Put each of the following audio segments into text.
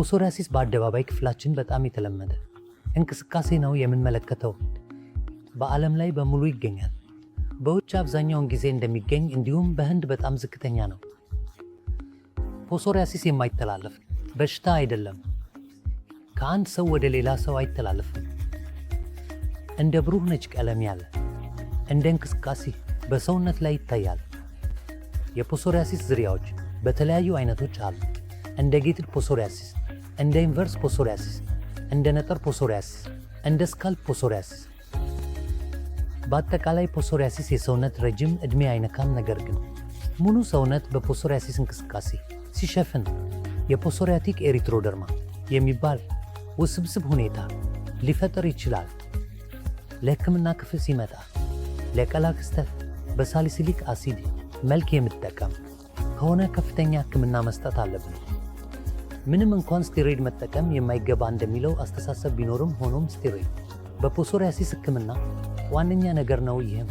ፖሶሪያሲስ በአደባባይ ክፍላችን በጣም የተለመደ እንቅስቃሴ ነው የምንመለከተው። በዓለም ላይ በሙሉ ይገኛል። በውጭ አብዛኛውን ጊዜ እንደሚገኝ እንዲሁም በህንድ በጣም ዝቅተኛ ነው። ፖሶሪያሲስ የማይተላለፍ በሽታ አይደለም። ከአንድ ሰው ወደ ሌላ ሰው አይተላለፍም። እንደ ብሩህ ነጭ ቀለም ያለ እንደ እንቅስቃሴ በሰውነት ላይ ይታያል። የፖሶሪያሲስ ዝርያዎች በተለያዩ አይነቶች አሉ። እንደ ጌትድ ፖሶሪያሲስ እንደ ኢንቨርስ ፖሶሪያሲስ፣ እንደ ነጠር ፖሶሪያሲስ፣ እንደ ስካልፕ ፖሶሪያሲስ። በአጠቃላይ ፖሶሪያሲስ የሰውነት ረጅም ዕድሜ አይነካም፣ ነገር ግን ሙሉ ሰውነት በፖሶሪያሲስ እንቅስቃሴ ሲሸፍን የፖሶሪያቲክ ኤሪትሮደርማ የሚባል ውስብስብ ሁኔታ ሊፈጠር ይችላል። ለሕክምና ክፍል ሲመጣ ለቀላ ክስተት በሳሊሲሊክ አሲድ መልክ የምትጠቀም ከሆነ ከፍተኛ ሕክምና መስጠት አለብን። ምንም እንኳን ስቴሮይድ መጠቀም የማይገባ እንደሚለው አስተሳሰብ ቢኖርም፣ ሆኖም ስቴሮይድ በፖሶሪያሲስ ህክምና ዋነኛ ነገር ነው። ይህም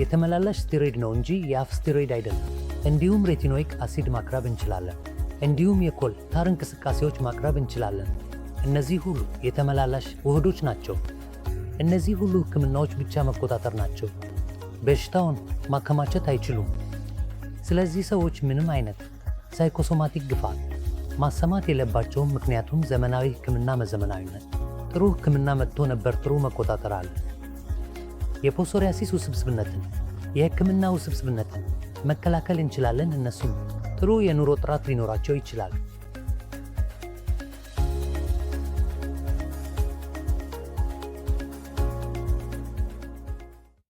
የተመላላሽ ስቴሮይድ ነው እንጂ የአፍ ስቴሮይድ አይደለም። እንዲሁም ሬቲኖይክ አሲድ ማቅረብ እንችላለን። እንዲሁም የኮል ታር እንቅስቃሴዎች ማቅረብ እንችላለን። እነዚህ ሁሉ የተመላላሽ ውህዶች ናቸው። እነዚህ ሁሉ ህክምናዎች ብቻ መቆጣጠር ናቸው፣ በሽታውን ማከማቸት አይችሉም። ስለዚህ ሰዎች ምንም አይነት ሳይኮሶማቲክ ግፋት ማሰማት የለባቸውም። ምክንያቱም ዘመናዊ ህክምና መዘመናዊነት ጥሩ ህክምና መጥቶ ነበር ጥሩ መቆጣጠር አለ። የፖሶሪያሲስ ውስብስብነትን የህክምና ውስብስብነትን መከላከል እንችላለን። እነሱም ጥሩ የኑሮ ጥራት ሊኖራቸው ይችላል።